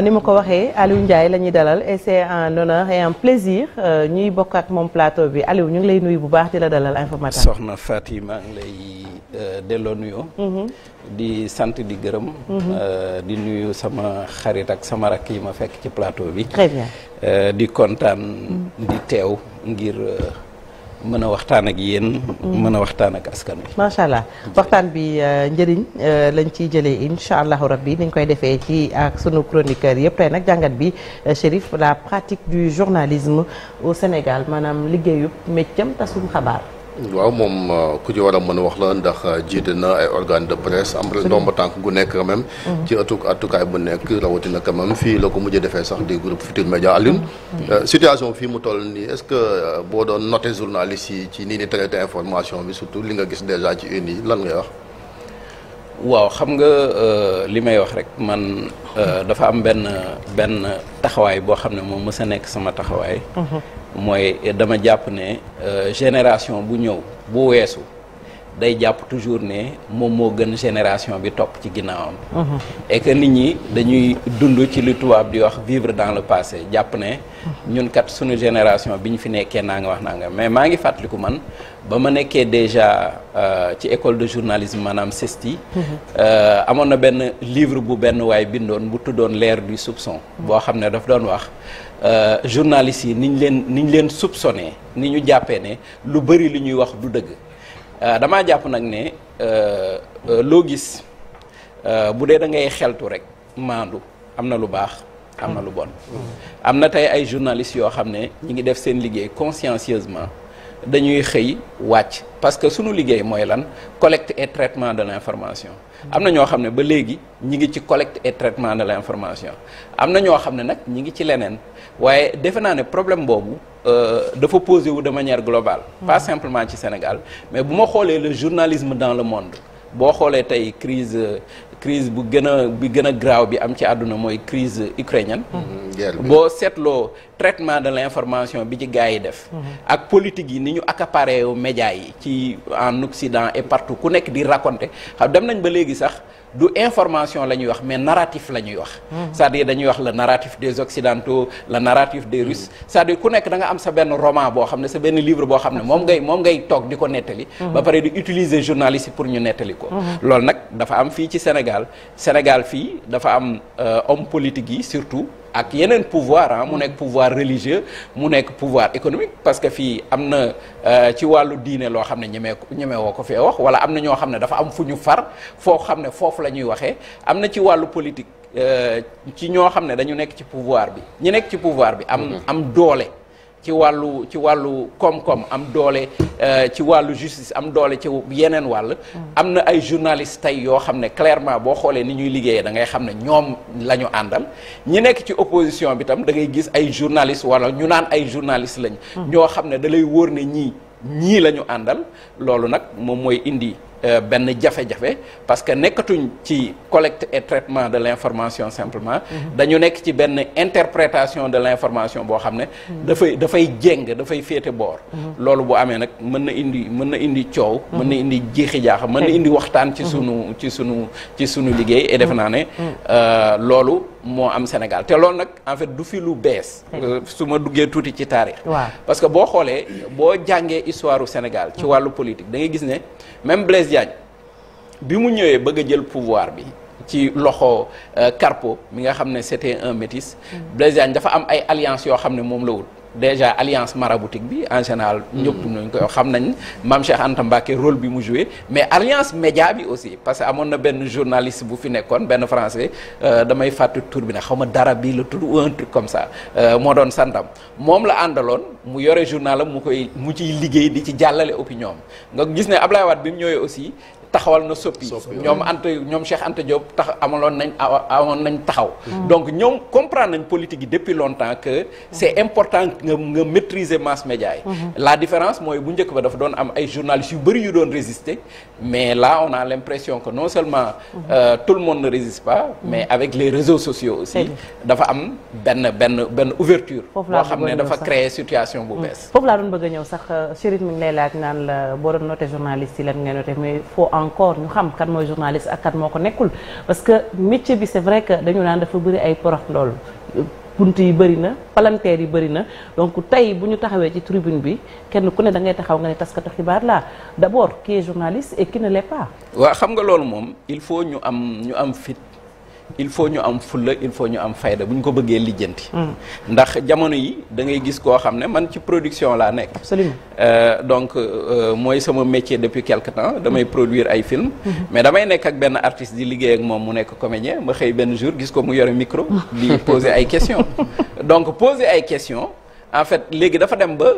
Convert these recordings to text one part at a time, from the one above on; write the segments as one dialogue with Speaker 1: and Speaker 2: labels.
Speaker 1: ni ma ko waxee Aliou Ndiaye la ñuy dalal et c'est un honneur et plaisir euh, ñuy bokk ak moom plateau bi Aliou ñu ngi lay nuyu bu baax di la dalal Infos Matin.
Speaker 2: soxna Fatima ngi lay euh, delloo nuyoo. Mm-hmm. di sant di gërëm. Mm-hmm. Euh, di nuyu sama xarit ak sama rakk yi ma fekk ci plateau bi. très bien di kontaan mm. di teew ngir. mën a waxtaan ak yéen. Mm. mën a waxtaan ak askan wi.
Speaker 1: macha allah waxtaan bi euh, njëriñ euh, lañ ciy jëlee incha allahu rabbi ni ñu koy defee ci ak sunu chroniqueur yëpp tey nag jàngat bi euh, Chérif la pratique du journalisme au Sénégal maanaam liggéeyu méccam tasum xabaar.
Speaker 3: waaw moom euh, ku ci war a mën a wax la ndax euh, jiite na ay organe de presse am rek ndomba tànk gu nekk quand même mhm. ci atuk atukaay bu nekk rawatina quand même fii la ko mujjee defee sax di groupe Futur Média Alioune mhm. euh, situation fii mu toll nii est-ce que boo doon noté journaliste yi ci nii ni traité information bi surtout li nga gis déjà ci une yi lan ngay wax waaw xam nga li may wax rek man
Speaker 2: dafa am benn benn taxawaay boo xam ne moom mës a nekk sama taxawaay mhm. mooy dama jàpp ne euh, génération bu ñëw bu weesu day jàpp toujours ne moom moo gën génération bi topp ci ginnaawam. Uh-huh. et nit ñi dañuy dund ci li tubaab di wax vivre dans le passé jàpp ne. Uh-huh. ñun kat suñu génération bi ñu fi nekkee naa nga wax naa nga mais maa ngi fàttaliku man ba ma nekkee déjà euh, ci école de journalisme maanaam CESTI. Uh-huh. Euh, amoon na benn livre bu benn waay bindoon bu tuddoon leer du soupçon. boo xam ne daf doon wax. Euh, journalistes yi niñ leen niñ leen soupçonné ni ñu jàppee ne lu bëri li ñuy wax du dëgg euh, damaa jàpp nag ne euh, loo gis bu dee da ngay xeltu rek maandu am na lu baax am na lu bon mm. am na tey ay journalistes yoo xam ne ñi ngi def seen liggéey consciencieusement dañuy xëy wàcc parce que sunu liggéey mooy lan collecte et traitement de l'information am na ñoo xam ne ba léegi ñi ngi ci collecte et traitement de l'information am na ñoo xam ne nag ñi ngi ci leneen waaye defe naa ne problème boobu euh, dafa posé wu de manière globale hmm. pas simplement ci Sénégal mais bu ma xoolee le journalisme dans le monde boo xoolee tey crise crise bu gën bi gën a bi am ci àdduna mooy crise ukrainienne
Speaker 3: mm-hmm. Mm-hmm.
Speaker 2: boo seetloo traitement de l'information bi ci gars yi def mm-hmm. ak politique yi ni ñu accaparé média yi ci en Occident et partout ku nekk di raconter xam dem nañ ba léegi sax du information la ñuy wax mais narratif la ñuy wax mhm. c'est-à-dire dañuy wax le narratif des occidentaux le narratif des russes cest à ku nekk da nga am sa benn roman boo xam ne sa benn livre boo xam ne moom ngay moom ngay toog di ko nettali mhm. ba pare di utiliser journaliste pour ñu nettali ko mhm. loolu nag dafa am fii ci Sénégal Sénégal fii dafa am euh, homme politique yi surtout ak yeneen pouvoir ah, mu nekk pouvoir religieux mu nekk pouvoir économique parce que fii am na euh, ci wàllu diine loo xam ne ñemee ñemewoo ko fee wax wala am na ñoo xam ne dafa am fu ñu far foo xam ne foofu la ñuy waxee am na ci wàllu politique euh, ci ñoo xam ne dañu nekk ci pouvoir bi ñu nekk ci pouvoir bi am mhm. am doole ci wàllu ci wàllu koom-koom am doole euh, ci wàllu justice am doole ci yeneen wàll. Mm. am na ay journalistes tey yoo xam ne clairement boo xoolee ni ñuy liggéeyee dangay xam ne ñoom la ñu àndal ñi nekk ci opposition bi tam da ngay gis ay journalistes wala ñu naan ay journalistes lañ. Mm. ñoo xam ne da lay wóor ne ñii. ñii la ñu àndal loolu nag moom mooy indi euh, benn jafe-jafe parce que nekkatuñ ci collecte et traitement de l'information simplement mhm. dañu nekk ci benn interprétation de l'information boo xam ne mhm. dafay dafay jéng dafay féete boor mhm. loolu bu amee nag mën na indi mën na indi coow mën na indi jeexi jaaxa mën na indi waxtaan ci sunu ci sunu ci sunu liggéey et defe naa ne euh, loolu moo am Sénégal te loolu nag en fait du fi lu bees. su ma duggee tuuti ci taarix. parce que boo xoolee boo jàngee histoire u Sénégal. ci wàllu politique da ngay gis ne même Blaise Diagne bi mu ñëwee bëgg a jël pouvoir bi. ci loxo Carpo euh, mi nga xam ne c'était un métis. Mm. Blaise Diagne dafa am ay alliance yoo xam ne moom la wut. déjà alliance maraboutique bi en général. Hmm. ñëpp nañ ko xam nañ maam Cheikh Anta Mbacké bi mu joué mais alliance média bi aussi parce que amoon na benn journaliste bu fi nekkoon benn français euh, damay fàtte tour bi nag xaw ma dara bii la tudd ou un comme ça euh, moo doon santam moom la àndaloon mu yore journal am mu koy mu ciy liggéey di ci jàllale opinion nga gis ne Ablaye Wade bi mu ñëwee aussi. taxawal na soppi ñoom Anta ñoom Cheikh Anta Diop tax amaloon nañ amoon nañ taxaw mm. donc ñoom comprendre nañ politique yi depuis longtemps que mm. c'est important nga nga mass média yi mm-hmm. la différence mooy bu njëkk ba dafa doon am ay journalistes yu bëri yu doon résister mais là on a l'impression que non seulement mm-hmm. euh, tout le monde ne résiste pas mm-hmm. mais avec les réseaux sociaux aussi dafa am benn benn benn ouverture boo xam ne dafa créer situation bu mm. bees
Speaker 1: foofu laa doon bëgg a ñëw euh, encore ñu xam kan mooy journaliste ak kan moo ko nekkul parce que métier bi c'est vrai que dañu naan dafa bëri ay porox ndool bunt yi bëri na palanteer yi bëri na donc tey bu ñu taxawee ci tribune bi kenn ku ne da ngay taxaw nga ne taskatu xibaar la d'abord qui est journaliste et na ne
Speaker 2: l'est xam nga loolu moom il faut ñu am ñu am fit il faut ñu am fulla il faut ñu am fayda bu ñu ko bëggee lijjanti. Hmm. ndax jamono yi da ngay gis koo xam ne man ci production laa nekk. absolument euh, donc euh, mooy sama métier depuis quelque temps damay hmm. produire ay film hmm. mais damay nekk ak benn artiste di liggéey ak moom mu nekk comédien ma xëy benn jour gis ko mu yore micro.
Speaker 3: di poser ay
Speaker 2: questions. donc poser ay question en fait léegi dafa dem ba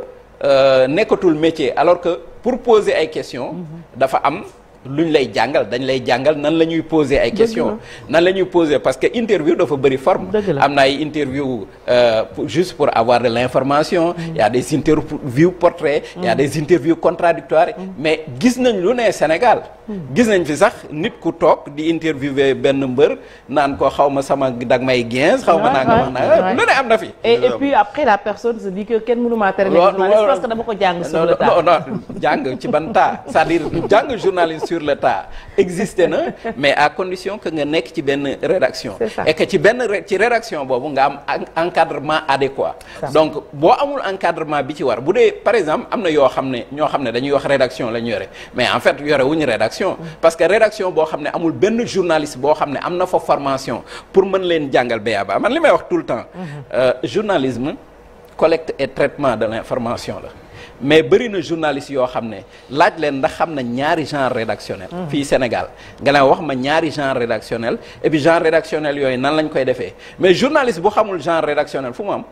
Speaker 2: euh, nekkatul métier alors que pour poser ay question dafa am. luñ lay jàngal dañ lay jàngal nan la ñuy poser ay question nan la ñuy poser parce que interview dafa bëri forme am na ay interview euh, juste pour avoir de l'information mm. y a des interviews portraits y a mm. des interviews contradictoires mm. mais gis nañ lu ne Sénégal gis nañ fi sax nit ku toog di interviewer benn mbër naan ko xaw ma sama dag may gens xaw ma naanga wax naa lu ne am na fi et puis
Speaker 1: après la personne se dit que kenn mënu maa tere nekk ko jàng sur le
Speaker 2: tas non sur le tas existé na mais à condition que nga nekk ci benn rédaction et que ci benn ci rédaction boobu nga am encadrement adéquat donc boo amul encadrement bi ci war bu dee par exemple am na yoo xam ne ñoo xam ne dañuy wax rédaction la ñu yore mais en fait yore ñu rédaction parce que rédaction boo xam ne amul benn journaliste boo xam ne am na fa formation pour man leen jàngal ba man li may wax tout le temps mhm. euh, journalisme collecte e traitement de l'information la mais bëri na journaliste yoo xam ne laaj leen ndax xam na ñaari genre rédactionnel. Mm. fii Sénégal nga ne wax ma ñaari genre rédactionnel et puis genre rédactionnel yooyu nan lañ koy defee mais journaliste bu xamul genre rédactionnel fu mu am.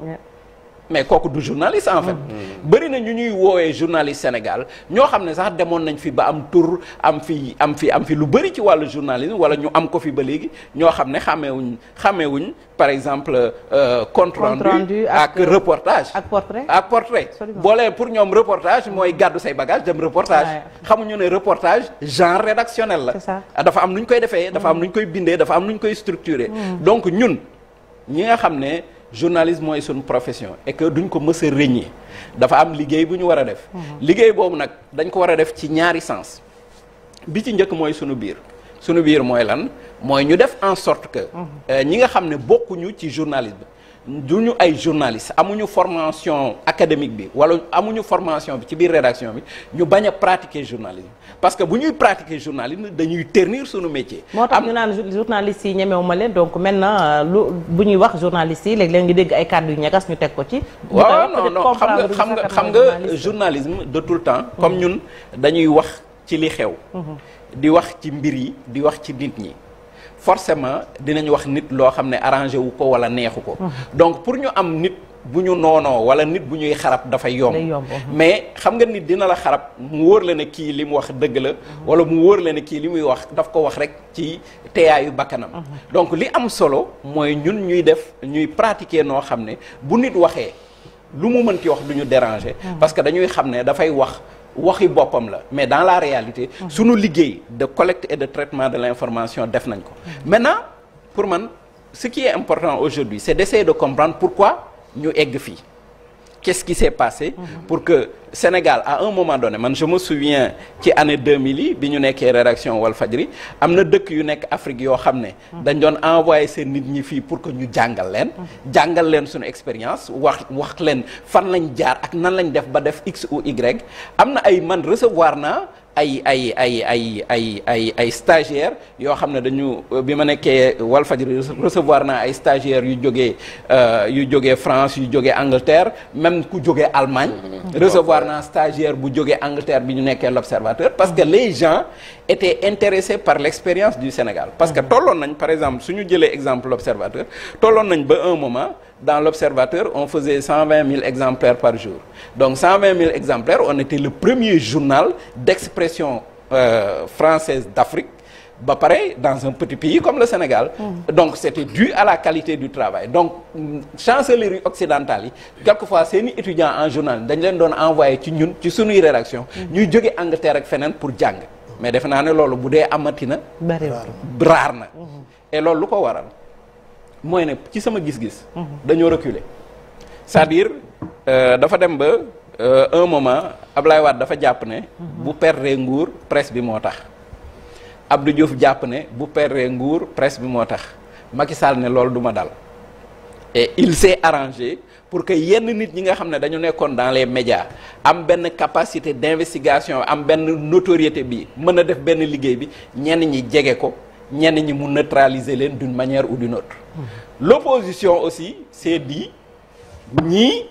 Speaker 2: mais kooku du journaliste en fait. Mm. bëri na ñu ñuy woowee journaliste Sénégal ñoo xam ne sax demoon nañ fi ba am tur am fi am fi am fi lu bëri ci wàllu journalisme wala ñu am ko fi ba léegi ñoo xam ne xàmmeewuñ xàmmeewuñ par exemple. Euh, compte rendu ak reportage ak portrait ak portrait. boolee pour ñoom reportage mooy gàddu say bagage dem reportage. xamuñu ne reportage genre rédactionnel la. dafa am nu ñu koy defee. dafa am mm. nu ñu koy bindee dafa am nu ñu koy structuré. Mm. donc journaliste mooy suñu profession et que duñ ko mës a dafa am liggéey bu ñu war a def. Mhm. liggéey boobu nag dañ ko war a def ci ñaari sens bi ci njëkk mooy suñu biir sunu biir mooy lan mooy ñu def en sorte que. Mhm. Euh, ñi nga xam ne bokkuñu ci journalisme. duñu ay journaliste amuñu formation académique bi wala amuñu formation bi ci biir rédaction bi ñu bañ a pratiquer journalisme parce que bu ñuy pratiquer journalisme dañuy ternir suñu métier.
Speaker 1: moo tax ñu naan journaliste yi ñemewu ma leen donc maintenant euh, lu bu ñuy wax journaliste yi léeg-léeg ñu dégg ay kàddu yu ñagas ñu teg ko ci.
Speaker 2: waaw non non xam nga xam nga xam nga journalisme de tout le temps. Mhm. comme ñun dañuy wax ci li xew. Mhm. di wax ci mbir yi di wax ci nit ñi. forcément dinañ wax nit loo xam ne arrangé wu ko wala neexu ko donc pour ñu am nit bu ñu noonoo wala nit bu ñuy xarab dafay yomb uh-huh. mais xam nga nit dina la xarab mu wóor la ne kii li mu wax dëgg la uh-huh. wala mu wóor la ne kii li muy wax daf ko wax rek ci teeyaayu bakkanam uh-huh. donc li am solo mooy ñun ñuy def ñuy pratiquer noo xam ne bu nit waxee lu mu mënti wax du ñu déranger dañuy xam ne dafay wax waxi boppam la mais dans la réalité mhm. sunu liggéey de collecte et de traitement de l'information def nañ ko mhm. maintenant pour man ce qui est important aujourd'hui c'est d'essayer de comprendre pourquoi ñu egg fii qu'est-ce qui s'est passé pour que Sénégal à un moment donné man je me souviens ci année deux yi bi ñu nekkee rédaction ri am na dëkk yu nekk Afrique yoo xam ne dañ doon envoyé seen nit ñi fii pour que ñu jàngal leen jàngal leen suñu expérience wax wax leen fan lañ jaar ak nan lañ def ba def x ou y am na ay man recevoir naa ay ay ay ay ay ay ay stagiaires yoo xam ne dañu bi ma nekkee Walfadjri recevoir naa ay stagiaires yu jógee euh, yu jógee France yu jógee Angleterre même ku jógee Allemagne. Mm-hmm. recevoir naa stagiaire bu jógee Angleterre bi ñu nekkee l'Observateur parce que les gens. étaient intéressés par l'expérience du Sénégal parce que mhm. tolloon nañ par exemple suñu jëlee exemple l'observateur tolloon nañ ba un moment dans l'observateur on faisait cent vingt mille exemplaires par jour donc cent vingt mille exemplaires on était le premier journal d'expression euh, française d'Afrique ba pare dans un petit pays comme le Sénégal mmh. donc c'était dû à la qualité du travail donc mm, chancellerie occidentale yi quelquefois seeni étudiants en journal dañ leen doon envoyé ci ñun ci sunuy rédaction mhm. ñuy jóge Angleterre ak feneen pour jàng mais defe naa ne loolu bu dee amati na. raar na. Mhm. et loolu lu ko waral mooy ne ci sama gis-gis. Mhm. dañoo reculer c'est-à-dire euh, dafa dem ba euh, un moment Ablaye Wade dafa jàpp ne. Mhm. bu perdre nguur presse bi moo tax. Abdou Diouf jàpp ne bu perdre nguur presse bi moo tax Macky Sall ne loolu du ma dal et il s'est arrangé. pour que yenn nit ñi nga xam ne dañu nekkoon dans les médias am benn capacité d'investigation am benn notoriété bi mën a def benn liggéey bi ñenn ñi jege ko ñenn ñi mu neutraliser leen d'une manière ou d'une autre hmm. l'opposition aussi s'est dit ñii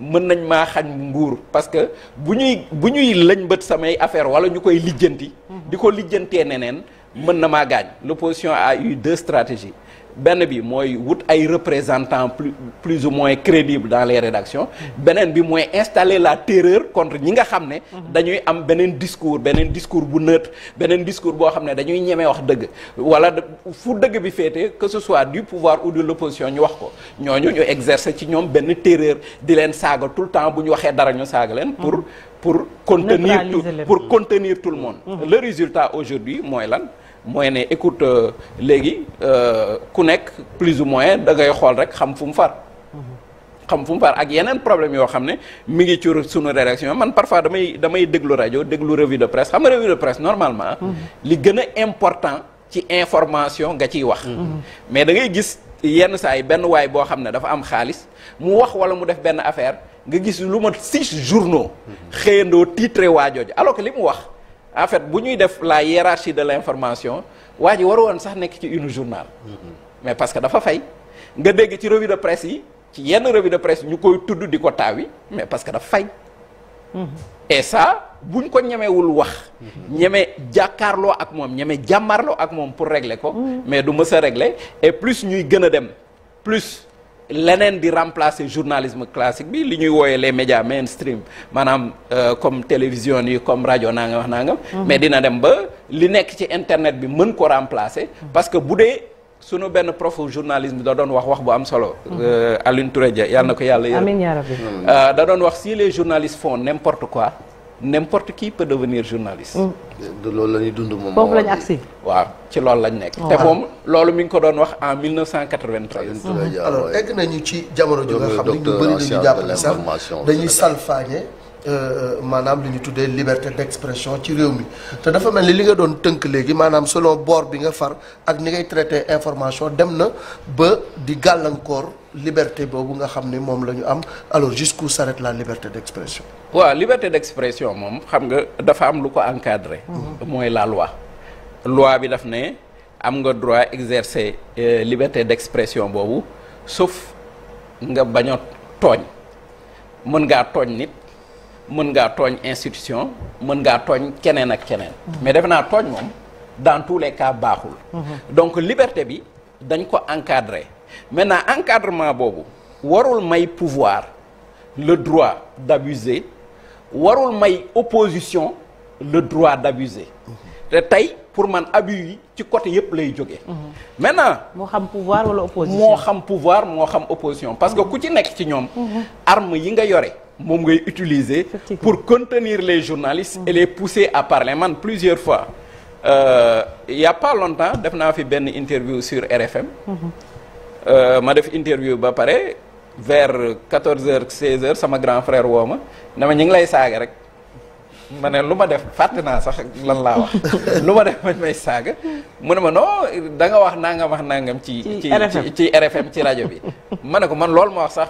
Speaker 2: mën nañ maa xañ nguur parce que bu ñuy bu ñuy lëñbët samay affaire wala ñu koy lijjanti hmm. di ko lijjantee neneen mën na maa gaañ l'opposition a eu deux stratégies benn bi mooy wut ay représentant plus plus ou moins crédibles dans les rédactions beneen bi mooy installé la terreur contre ñi nga xam ne dañuy am beneen discours beneen discours bu neutre beneen discours boo xam ne dañuy ñemee wax dëgg wala fu dëgg bi féete que ce soit du pouvoir ou de l'opposition ñu wax ko ñooñu ñu exercer ci ñoom benn téereur di leen saaga tout le temps bu ñu waxee dara ñu saaga leen pour mhm. pour contenir tout, pour contenir tout le monde mmh. le résultat aujourd'hui mooy lan mooy ne écoute euh, léegi euh, ku nekk plus ou moins da xool rek xam fu mu far. xam fu mu far ak yeneen problème yoo xam ne mi ngi ci sunu rédaction man parfois damay damay déglu rajo déglu revue de presse xam nga de presse normalement. Mm-hmm. li gën a important ci information nga ciy wax. Mm-hmm. mais da ngay gis yenn saa yi benn waay boo xam ne dafa am xaalis mu wax wala mu def benn affaire nga gis lu mat six journaux. Mm-hmm. xëyandoo titre waajooju alors que li mu wax. en fait bu ñuy def la hiérarchie de l'information waa ji waroon sax nekk ci une journal mm-hmm. mais parce que dafa fay nga dégg ci revue de presse yi ci yenn revue de presse ñu koy tudd di ko taawi mais parce que dafa fay mm-hmm. et ça buñ ko ñemewul wax mm-hmm. ñeme jàkkaarloo ak moom ñeme jàmmarloo ak moom pour régler ko mais du mës a et plus ñuy gën a dem plus leneen di remplacer journalisme classique bi li ñuy wooyee les médias mainstream maanaam euh, comme télévision yi comme rajo naa nga wax naa nga mhm. mais dina dem ba li nekk ci internet bi mën ko remplacer parce que bu dee sunu benn profu journalisme da doon wax wax bu am solo. Mhm. Euh, Alioune Touré Dia yàlla na ko yàlla yërëm. Euh, da doon wax si les journalistes font n'importe quoi. n'importe qui peut devenir journaliste. Mm. loolu la ñuy dund moom. foofu la ñu agsi waaw ci loolu lañ nekk. Oh, te moom loolu mu ngi ko doon wax en 1993. Mm-hmm. alors egg
Speaker 3: nañu ci jamono ju nga xam ne ñu bëri dañu dañuy salfaañe. Euh, maanaam li ñu tuddee liberté d'expression ci réew mi te dafa mel ni li nga doon tënk léegi maanaam selon bord bi nga far ak ni ngay traité information dem na ba di gàllankoor liberté boobu nga xam ne moom la ñu am alors jusqu'où s'arrête la liberté d'expression
Speaker 2: waaw liberté d'expression moom xam nga dafa am lu ko encadré mhm. mooy la loi loi bi daf ne am nga droit exercer euh, liberté d'expression boobu sauf nga bañ a tooñ mën ngaa tooñ nit mën ngaa tooñ institution mën ngaa tooñ keneen ak keneen. mais defe naa tooñ moom dans tous les cas baaxul. Mhm. donc liberté bi dañ ko encadrer maintenant encadrement boobu warul may pouvoir le droit d'abuser warul may opposition le droit d'abuser mhm. te tey pour man abus yi ci côté yëpp lay jógee. Mhm. maintenant moo xam pouvoir wala moo xam pouvoir moo xam opposition parce que ku ci nekk ci ñoom. arme yi nga yore. moom ngay utiliser pour contenir les journalistes et les pousser à parler man plusieurs fois euh, y a pas longtemps def naa fi benn interview sur RFM euh, ma def interview ba pare vers 14 heures 16 heures sama grand frère woo ma ma ñu ngi lay saaga rek ma ne lu ma def fàtte naa sax lan laa wax lu ma def mañ may saaga mu ne ma non da nga wax nangam wax nangam ci ci ci RFM ci rajo bi ma ne ko man lool ma wax sax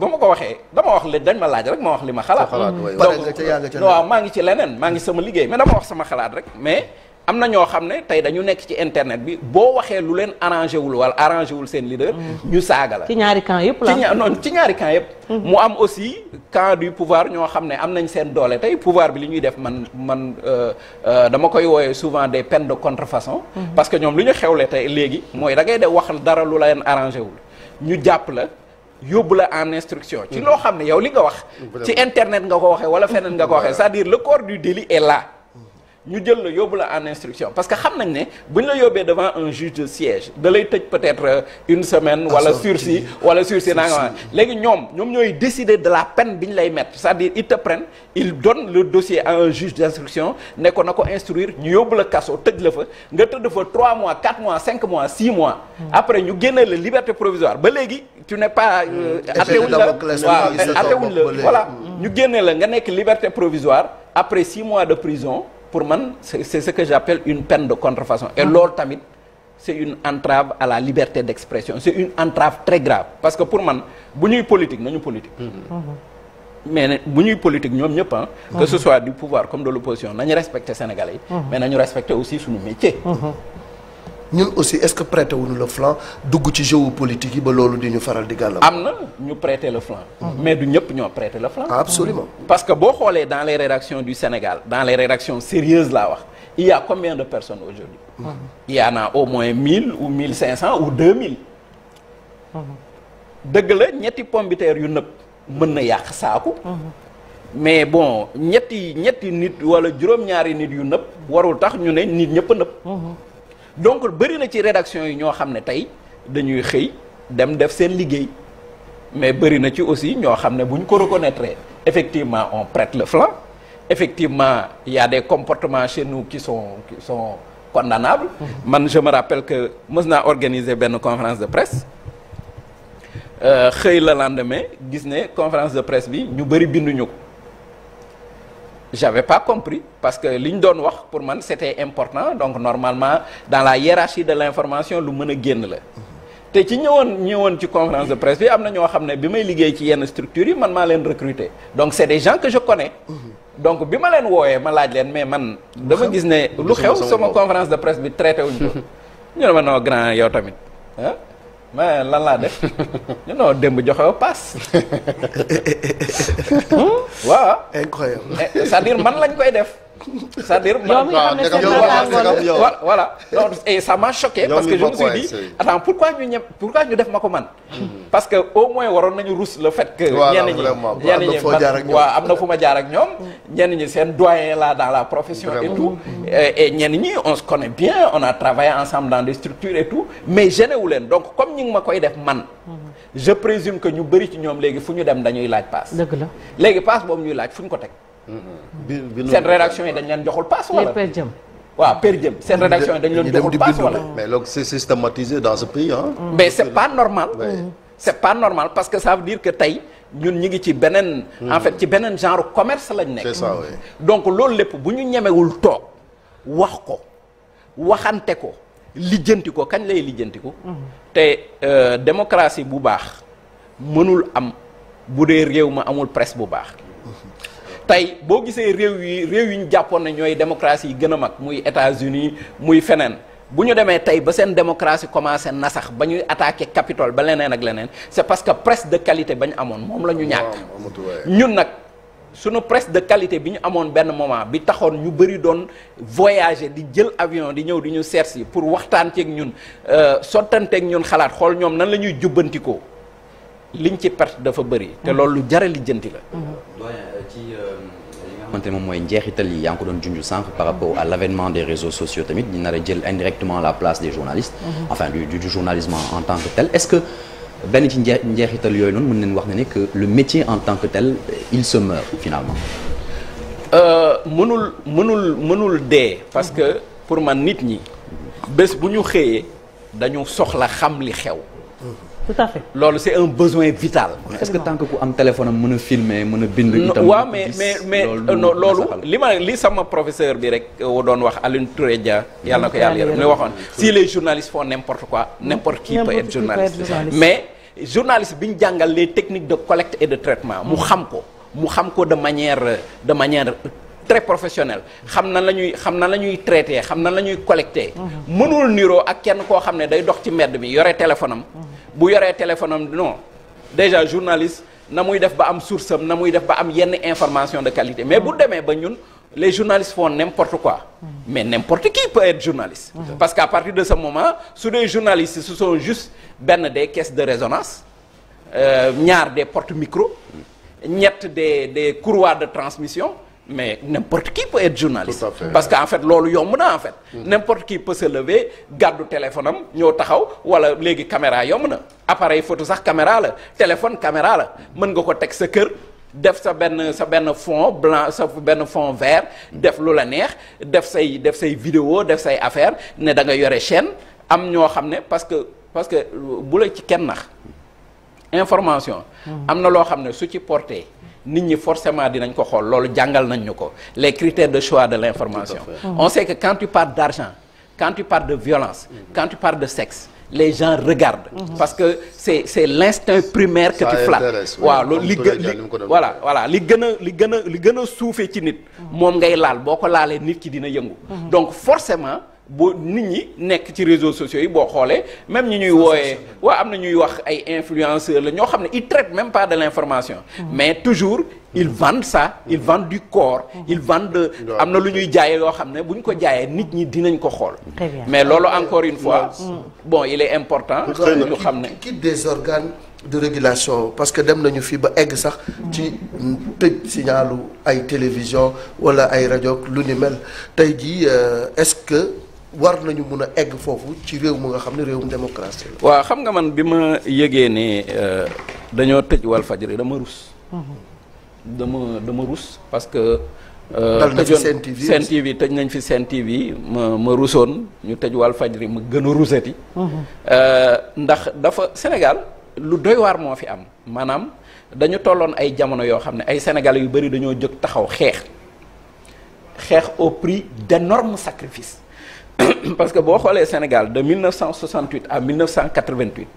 Speaker 2: ba ma ko waxee dama wax li dañ ma laaj rek ma wax li ma xalaat mm. waaw maa ngi ci leneen maa ngi sama liggéey mais dama wax sama xalaat rek mais am na ñoo xam ne tey dañu nekk ci internet bi boo waxee lu leen arrangé wul wala arrangé wul seen leader. Mhm. ñu saaga la ci ñaari camp yëpp la. ci ñaar non ci ñaari camp yëpp. Mhm. mu am aussi camp du pouvoir ñoo xam ne am nañ seen doole tey pouvoir bi li ñuy def man man euh, euh, dama koy wooyee souvent des peines de contrefaçon. Mhm. parce que ñoom lu ñu xew xewle tey léegi mooy da ngay de wax dara lu leen arrangé wul ñu jàpp la. yóbbu la en instruction ci loo xam ne yow li nga wax ci internet nga ko waxee walla feneen nga ko waxee c'est-à-dire le corps ñu jël la yóbbu la en instruction parce que xam nañ ne bu ñu la yóbbee devant un juge de siège da lay tëj peut-être euh, une semaine ah, wala sursis wala sursis naanga léegi ñoom ñoom ñooy décider de la peine bi ñu lay mettre c'est-à-dire ils te prennent ils donnent le dossier à un juge d'instruction ne ko na ko instruire ñu yóbbu la kaso tëj la fa nga tëdd fa trois mois 4 mois 5 mois 6 mois hmm. après ñu génnee la liberté provisoire ba léegi tu n'es pas euh, hmm. atewuñ la waaw atewuñ la voilà hmm. ñu génnee la nga nekk liberté provisoire après 6 mois de prison pour man c'est ce que j'appelle une peine de contrefaçon et ah. loolu tamit c'est une entrave à la liberté d'expression c'est une entrave très grave parce que pour man bu ñuy politique nañu politique mm. mm-hmm. mais bu ñuy politique ñoom ñëpp ah que ce mm-hmm. soit du pouvoir comme de l'opposition nañu respecter Sénégalais yi mm-hmm. mais nañu respecter aussi suñu
Speaker 3: métier ñun aussi est-ce que prêté wuñu le flanc dugg ci géopolitique yi ba loolu di ñu faral di gàll am
Speaker 2: na ñu prêté le flanc. Mhm. mais du ñëpp ñoo prêté le flanc. absolument parce que boo si xoolee dans les rédactions du Sénégal dans les rédactions sérieuses laa wax il y combien de personnes aujourd'hui mhm. il y en au moins mille ou mille cinq cent ou deux mille. Mhm. dëgg la ñetti pombiteer yu nëpp mën na yàq saaku. mais bon ñetti ñetti nit wala juróom-ñaari nit yu nëpp warul tax ñu ne nit ñëpp nëpp. donc bëri na ci rédaction yi ñoo xam ne tey dañuy xëy dem def seen liggéey mais bëri na ci aussi ñoo xam ne bu ñu ko reconnaître effectivement on prête le flanc effectivement il y a des comportements chez nous qui sont qui sont condamnables mm-hmm. man je me rappelle que mës naa organiser benn conférence de presse euh, xëy euh, la lendemain gis ne conférence de presse bi ñu bëri binduñu ko j'avais pas compris parce que li ñu doon wax pour man c'était important donc normalement dans la hiérarchie de l'information lu mën a génn la te ci ñëwoon ñëwoon ci conférence de presse bi am na ñoo xam ne bi may liggéey ci yenn structures yi man maa leen recruter donc c'est des gens que je connais donc bi ma leen wooyee ma laaj leen mais man dama gis ne lu xew sama conférence de presse bi traité wu ñu ne ma non grand yow tamit mais lan laa def non démb joxe wu paas. Hmm? waaw. incroyable eh, cest à man lañ koy def. c'est-à-dire. yow mi nga xam ne yow voilà donc et ça m'a choqué. parce que je me suis pourquoi ñu def ma ko man. Hmm. parce que au moins waroon nañu rus le fait que. ñenn ñi ñenn ñi am na fu ma jaar ak ñoom. ñenn ñi seen doyen la dans la profession. et tout et ñenn ñi on se connaît bien on a travaillé ensemble dans des structures et tout mais gêné wu leen donc comme ñu ngi ma koy def man. Hmm. je présume que ñu bëri ci ñoom léegi fu ñu dem dañuy laaj paas. dëgg la léegi paas boobu laaj fu ñu ko teg.
Speaker 3: bi seen rédaction
Speaker 2: yi dañ leen joxul paas wala. lépp waaw per jëm seen rédaction yi dañ leen joxul paas wala.
Speaker 3: mais loolu c'est systématisé dans ce pays mm.
Speaker 2: mais c'est pas normal. Mm. c'est pas normal parce que ça veut dire que tey ñun ñi ngi ci beneen. Mm. en fait ci beneen genre commerce lañ nekk. c'est ça donc loolu lépp bu ñu ñemewul toog wax ko waxante ko lijjanti ko kañ lay lijjanti ko. te euh, démocratie bu baax mënul am bu dee réew ma amul presse bu baax. tey boo gisee réew yi réew yi ñu jàppoon ne ñooy démocratie yi gën a mag muy États-Unis muy feneen bu ñu demee tey ba seen démocratie commencé na sax ba ñuy attaqué capital ba leneen ak leneen c'est parce que presse de qualité ba ñu amoon moom lañu ñu ñàkk ñun nag suñu presse de qualité bi ñu amoon benn moment bi taxoon ñu bëri doon voyager di jël avion di ñëw di ñu seet si pour waxtaan ceeg ñun euh, sottanteek ñun xalaat xool ñoom nan la ñuy jubbantikoo liñ ci perte dafa bëri te mm-hmm. loolu lijjanti xamante ne moom mooy njeexital yi yaa ngi ko doon junj sànq par rapport à l'avènement des réseaux sociaux tamit ñu nar a jël indirectement la place des journalistes mm-hmm. enfin du, journalisme en tant que tel est-ce que benn ci njeexital yooyu noonu mën nañ wax ne que le métier en tant que tel il se meurt finalement euh, mënul dee parce que pour man nit ñi bés bu ñu xëyee dañu soxla xam li xew
Speaker 1: mm-hmm. tout
Speaker 2: loolu c' un besoin vital. est ce que tant que ku am téléphone am mën a filmer mën a bind. itam waaw mais mais loolu euh, li ma li sama professeur bi rek euh, doon wax Alioune Touré Dia. yàlla na ko yàlla yërëm li waxoon si les journalistes font n' importe quoi n' importe qui peut être journaliste. mais journaliste bi ñu jàngal les technique de collecte et de traitement mu xam ko mu xam ko de manière de manière très professionnel xam na la ñuy xam nan la ñuy traité xam nan la ñuy collecté. mënul niroo ak kenn koo xam ne day dox ci mbedd mi yore téléphone am. bu yore téléphone am non déjà journaliste na muy def ba am source am na muy def ba am yenn information de qualité mais bu demee ba ñun. les journalistes font n'importe quoi mais n'importe qui peut être journaliste mmh. parce qu'à partir de ce moment su dee journalistes ce sont juste benn des caisses de résonance euh, ñaar euh, des porte-micro ñett des des courroies de transmission mais n'importe qui peut être journaliste parce que en fait loolu yomb na en fait n'importe qui peut se lever gàddu téléphone am ñëw taxaw wala léegi caméra yomb na appareil photo sax caméra la téléphone caméra la mën nga ko teg sa kër def sa benn sa benn fond blanc sa benn fond vert def lu la neex def say def say vidéo def say affaire ne da nga yore chaine am ñoo xam ne parce que parce que bu la ci kenn nax information hmm. am na loo xam ne su ci porté nit ñi forcément dinañ ko xool loolu jàngal nañ ñu ko les critères de choix de l'information on sait que quand tu parles d'argent quand tu parles de violence mm-hmm. quand tu parles de sexe les gens regardent mm-hmm. parce que c'est c'est primaire que tu flattes waaw loolu li gën li voilà li gën a li gën a ci nit mm-hmm. moom ngay laal boo ko laalee nit ki dina yëngu donc forcément bu nit ñi nekk ci réseaux sociaux yi boo xoolee même ñi ñuy wooyee waa am na ñuy wax ay influenceurs la ñoo xam ne ils traitent même pas de l'information mm-hmm. mais toujours ils mm-hmm. vendent ça ils mm-hmm. vendent du corps ils vendent de am na lu ñuy jaayee yoo xam ne bu ñu ko jaayee nit ñi dinañ ko xool mais loolu encore une fois mm. bon il est important ñu
Speaker 3: xam ne qui des organes de régulation parce que dem nañu fi ba egg sax ci tëj signalu ay télévision wala ay rajo lu ni mel tey jii euh, est war nañu mun a egg foofu ci réew mu xam ne réewum démocratie
Speaker 2: la. waaw xam nga man bi ma yëgee ne euh, dañoo tëj Walfadjri dama rus. Mhm. dama dama rus parce que. Euh, dal na fi Sen TV tëj nañ fi Sen TV ma ma rusoon ñu tëj Walfadjri ma gën a rusati. Mhm. Euh, ndax dafa Sénégal lu doy waar moo fi am maanaam dañu tolloon ay jamono yoo xam ne ay Sénégalais yu bari dañoo jóg taxaw xeex xeex au de norme sacrifices. parce que boo xoolee Sénégal de 1968 à 1988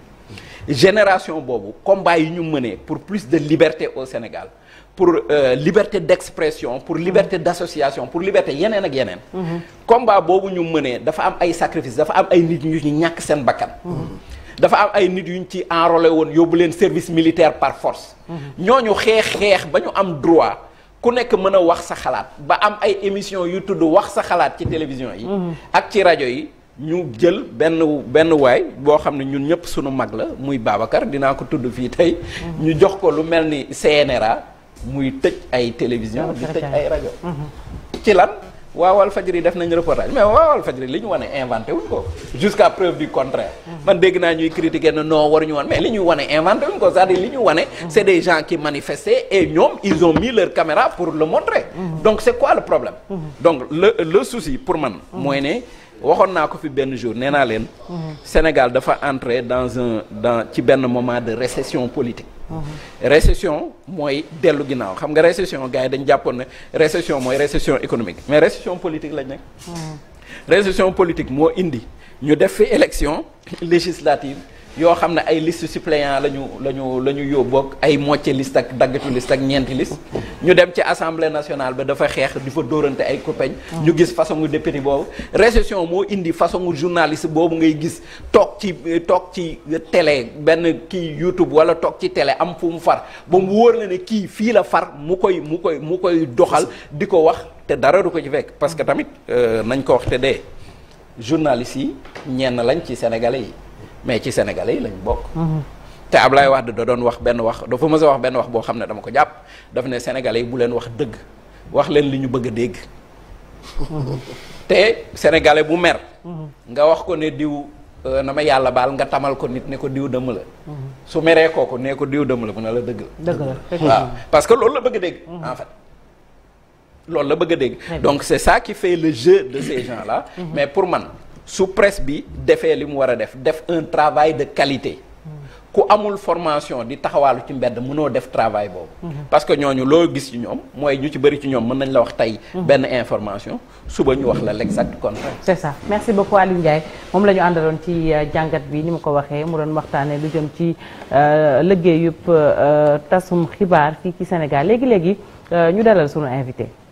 Speaker 2: génération boobu combat yi ñu mënee pour plus de liberté au Sénégal pour euh, liberté d'expression pour liberté d'association pour liberté yeneen ak yeneen. Mm-hmm. combat boobu ñu mënee dafa am ay sacrifices dafa am ay nit ñu ñu ñàkk seen bakkan.
Speaker 1: Mm-hmm.
Speaker 2: dafa am ay nit yuñ ci enrôlé woon yóbbu leen service militaire par force. Mm-hmm. ñu xeex xeex ba ñu am droit. ku nekk mën a wax sa xalaat ba am ay émission yu tudd wax sa xalaat ci télévision yi mhm. ak ci rajo yi ñu jël benn benn waay boo xam ne ñun ñëpp sunu mag la muy Babacar dinaa ko tudd fii tey mhm. ñu jox ko lu mel ni CNRA muy tëj ay télévision di tëj ay rajo mhm. ci lan waaw waawal fajri def nañ reportage mais waawal fajri li ñu wane inventé wuñ ko jusqu'à preuve du contraire man dégg naa ñuy critiquer ne non waruñu woon mais li ñu wane inventé wuñ ko cest dire li ñu wane c'est des gens qui manifestaient et ñoom ils ont mis leur caméra pour le montrer donc c'est quoi le problème donc le le souci pour man mooy ne waxoon naa ko fi benn jour nee naa leen Sénégal dafa entrer dans un dans ci benn moment de récession politique Uh-huh. récession mooy dellu ginnaaw xam nga récession gars yi dañ jàppoon ne récession mooy récession économique mais récession politique lañ nekk. Uh-huh. récession politique moo indi ñu def fi élection législative. yoo xam ne ay liste suppléant la ñu la ñu la ñu yóbbu ak ay mocce liste ak daggatu liste ak ñeenti liste ñu dem ci assemblée nationale ba dafa xeex di fa dóorante ay copain ñu gis façon gu député boobu récession moo indi façon gu journaliste boobu ngay gis toog ci toog ci télé benn kii YouTube wala toog ci télé am fu mu far ba mu wóor la ne kii fii la far mu koy mu koy mu koy doxal di ko wax te dara du ko ci fekk parce que tamit euh, nañ ko wax te dee journaliste yi ñenn lañ ci sénégalais yi mais ci sénégalais yi lañ bokk. Mhm. te Ablaye Wade da doon wax benn wax dafa mës a wax benn wax boo xam ne dama ko jàpp daf ne sénégalais yi bu leen wax dëgg wax leen li ñu bëgg a dégg. Mhm. te sénégalais bu mer. Mhm. nga wax ko ne diw euh, na ma yàlla baal nga tamal ko nit ne ko diw dëmm la. su meree kooku ne ko diw dëmm la mu ne la dëgg la. dëgg la parce que loolu la bëgg a dégg. loolu la bëgg a dégg. donc c'est ça qui fait la jeu de ces gens là. mais pour man. su presse bi defee li mu war a def def un travail de qualité ku amul formation di taxawaalu ci mbedd munoo def travail boobu mhm. parce que ñooñu loo gis ci ñoom mooy ñu ci bëri ci ñoom mën nañ la wax tey mhm. benn information suba ñu wax la l'exact contraire c'est ça merci
Speaker 1: beaucoup Aliou Ndiaye moom la ñu àndaloon ci euh, jàngat bi ni mu ko waxee mu doon waxtaane lu jëm ci euh, liggéeyub euh, tasum xibaar fii ci Sénégal léegi-léegi ñu dalal sunu invité